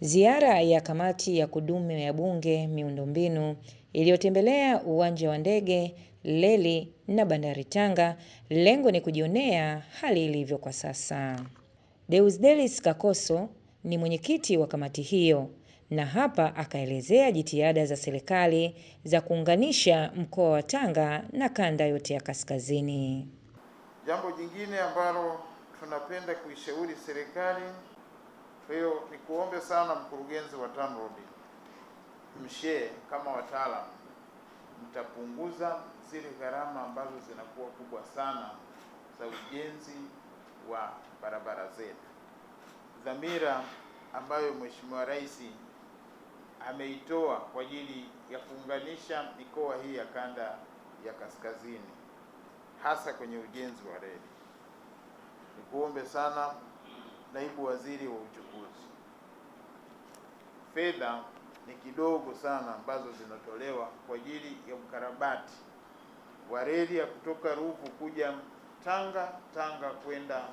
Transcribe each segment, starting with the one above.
Ziara ya kamati ya kudumu ya bunge miundombinu iliyotembelea uwanja wa ndege, leli na bandari Tanga, lengo ni kujionea hali ilivyo kwa sasa. Deusdelis Kakoso ni mwenyekiti wa kamati hiyo na hapa akaelezea jitihada za serikali za kuunganisha mkoa wa Tanga na kanda yote ya kaskazini. Jambo jingine ambalo tunapenda kuishauri serikali kwa hiyo nikuombe sana mkurugenzi wa TANROADS, mshee kama wataalamu, mtapunguza zile gharama ambazo zinakuwa kubwa sana za ujenzi wa barabara zetu, dhamira ambayo Mheshimiwa Rais ameitoa kwa ajili ya kuunganisha mikoa hii ya kanda ya kaskazini hasa kwenye ujenzi wa reli. Nikuombe sana naibu waziri wa uchukuzi. Fedha ni kidogo sana ambazo zinatolewa kwa ajili ya ukarabati wa reli ya kutoka Ruvu kuja Tanga, Tanga kwenda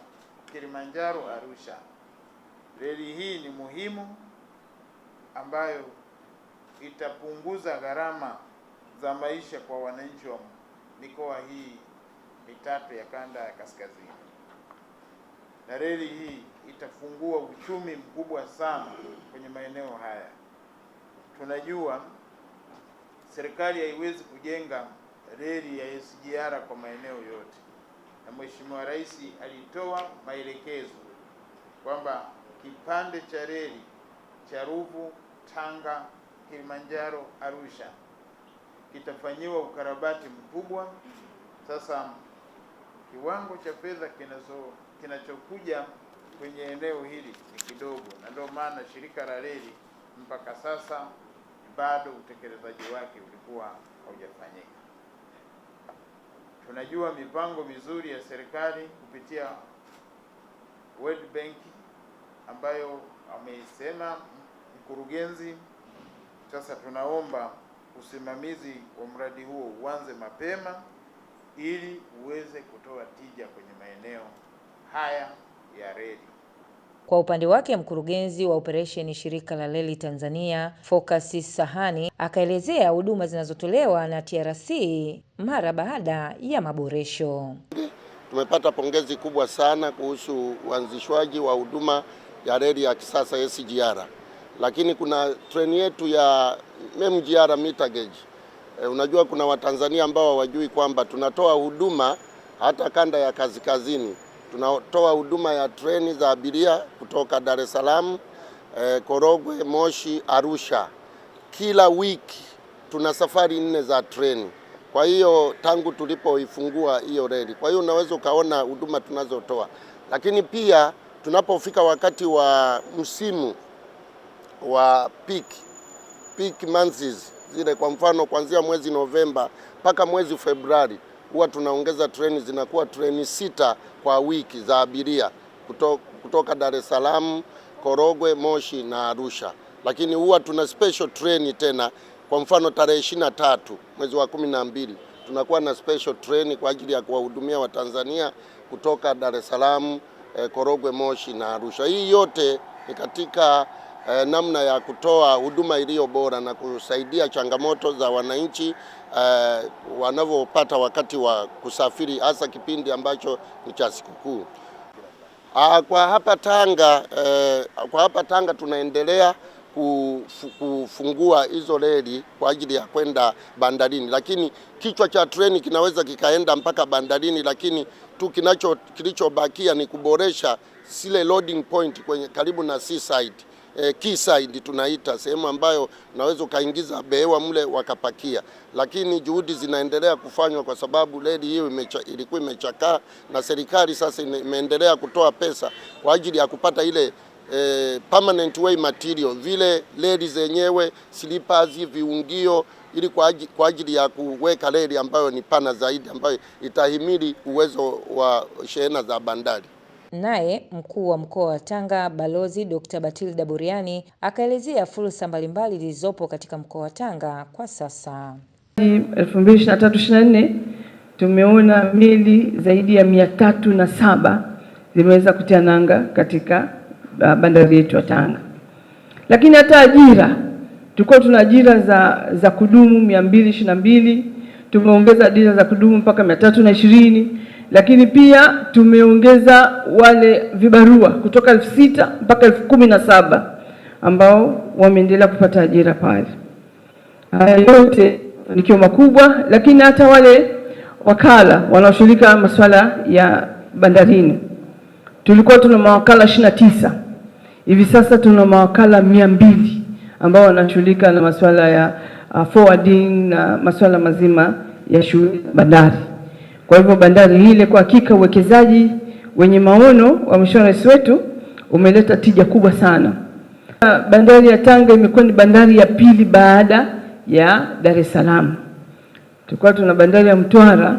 Kilimanjaro, Arusha. Reli hii ni muhimu ambayo itapunguza gharama za maisha kwa wananchi wa mikoa hii mitatu ya kanda ya kaskazini. Na reli hii itafungua uchumi mkubwa sana kwenye maeneo haya. Tunajua serikali haiwezi kujenga reli ya SGR kwa maeneo yote, na Mheshimiwa Rais alitoa maelekezo kwamba kipande cha reli cha Ruvu, Tanga, Kilimanjaro, Arusha kitafanyiwa ukarabati mkubwa. Sasa kiwango cha fedha kinachokuja kwenye eneo hili ni kidogo, na ndio maana shirika la reli mpaka sasa bado utekelezaji wake ulikuwa haujafanyika. Tunajua mipango mizuri ya serikali kupitia World Bank ambayo ameisema mkurugenzi. Sasa tunaomba usimamizi wa mradi huo uanze mapema ili uweze kutoa tija kwenye maeneo haya ya reli. Kwa upande wake mkurugenzi wa operesheni shirika la reli Tanzania Focus Sahani akaelezea huduma zinazotolewa na TRC mara baada ya maboresho. Tumepata pongezi kubwa sana kuhusu uanzishwaji wa huduma ya reli ya kisasa SGR, lakini kuna treni yetu ya MGR meter gauge. E, unajua kuna Watanzania ambao hawajui kwamba tunatoa huduma hata kanda ya kazikazini tunatoa huduma ya treni za abiria kutoka Dar es Salaam, e, Korogwe, Moshi, Arusha. Kila wiki tuna safari nne za treni, kwa hiyo tangu tulipoifungua hiyo reli. Kwa hiyo unaweza ukaona huduma tunazotoa, lakini pia tunapofika wakati wa msimu wa peak peak months zile, kwa mfano kuanzia mwezi Novemba mpaka mwezi Februari huwa tunaongeza treni, zinakuwa treni sita kwa wiki za abiria kutoka, kutoka Dar es Salaam, Korogwe, Moshi na Arusha, lakini huwa tuna special treni tena. Kwa mfano tarehe ishirini na tatu mwezi wa kumi na mbili tunakuwa na special treni kwa ajili ya kuwahudumia Watanzania kutoka Dar es Salaam, eh, Korogwe, Moshi na Arusha. Hii yote ni katika eh, namna ya kutoa huduma iliyo bora na kusaidia changamoto za wananchi eh, wanavyopata wakati wa kusafiri hasa kipindi ambacho ni cha sikukuu. Ah, kwa hapa Tanga eh, kwa hapa Tanga tunaendelea kufungua hizo reli kwa ajili ya kwenda bandarini, lakini kichwa cha treni kinaweza kikaenda mpaka bandarini, lakini tu kinacho kilichobakia ni kuboresha zile loading point kwenye karibu na seaside e, quayside tunaita sehemu ambayo unaweza ukaingiza behewa mle wakapakia, lakini juhudi zinaendelea kufanywa kwa sababu reli hiyo imecha, ilikuwa imechakaa na serikali sasa imeendelea kutoa pesa kwa ajili ya kupata ile e, permanent way material vile reli zenyewe slippers, viungio ili kwa ajili, kwa ajili ya kuweka reli ambayo ni pana zaidi ambayo itahimili uwezo wa shehena za bandari. Naye mkuu wa mkoa wa Tanga Balozi Dr. Batilda Buriani akaelezea fursa mbalimbali zilizopo katika mkoa wa Tanga kwa sasa. 2023/24 tumeona meli zaidi ya mia tatu na saba zimeweza kutia nanga katika uh, bandari yetu ya Tanga, lakini hata ajira tulikuwa tuna ajira za, za kudumu mia mbili ishirini na mbili tumeongeza ajira za kudumu mpaka mia tatu na ishirini lakini pia tumeongeza wale vibarua kutoka elfu sita mpaka elfu kumi na saba ambao wameendelea kupata ajira pale. Haya yote mafanikio makubwa, lakini hata wale wakala wanaoshirika masuala ya bandarini, tulikuwa tuna mawakala ishirini na tisa hivi sasa tuna mawakala mia mbili ambao wanashughulika na masuala ya uh, forwarding na masuala mazima ya shughuli bandari. Kwa hivyo bandari hii ile kwa hakika uwekezaji wenye maono wa Mheshimiwa Rais wetu umeleta tija kubwa sana. Bandari ya Tanga imekuwa ni bandari ya pili baada ya Dar es Salaam. Tulikuwa tuna bandari ya Mtwara,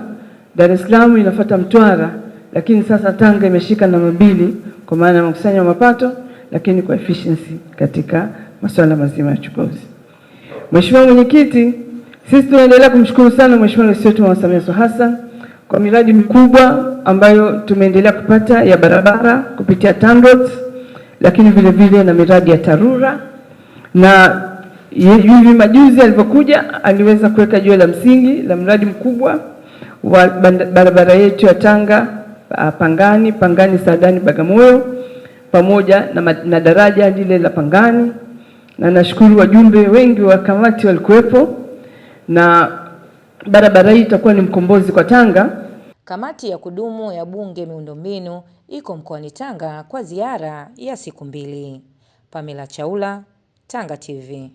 Dar es Salaam inafuata Mtwara, lakini sasa Tanga imeshika namba mbili kwa maana ya makusanyo ya mapato, lakini kwa efficiency katika masuala mazima ya uchukuzi. Mheshimiwa Mwenyekiti, sisi tunaendelea kumshukuru sana Mheshimiwa Rais wetu Mama Samia Suluhu Hassan kwa miradi mikubwa ambayo tumeendelea kupata ya barabara kupitia TANROADS, lakini vile vile na miradi ya TARURA na hivi majuzi alivyokuja aliweza kuweka jiwe la msingi la mradi mkubwa wa barabara yetu ya Tanga ah, Pangani, Pangani Saadani Bagamoyo, pamoja na, na daraja lile la Pangani, na nashukuru wajumbe wengi wa kamati walikuwepo na barabara hii itakuwa ni mkombozi kwa Tanga. Kamati ya kudumu ya Bunge miundombinu iko mkoani Tanga kwa ziara ya siku mbili. Pamela Chaula, Tanga TV.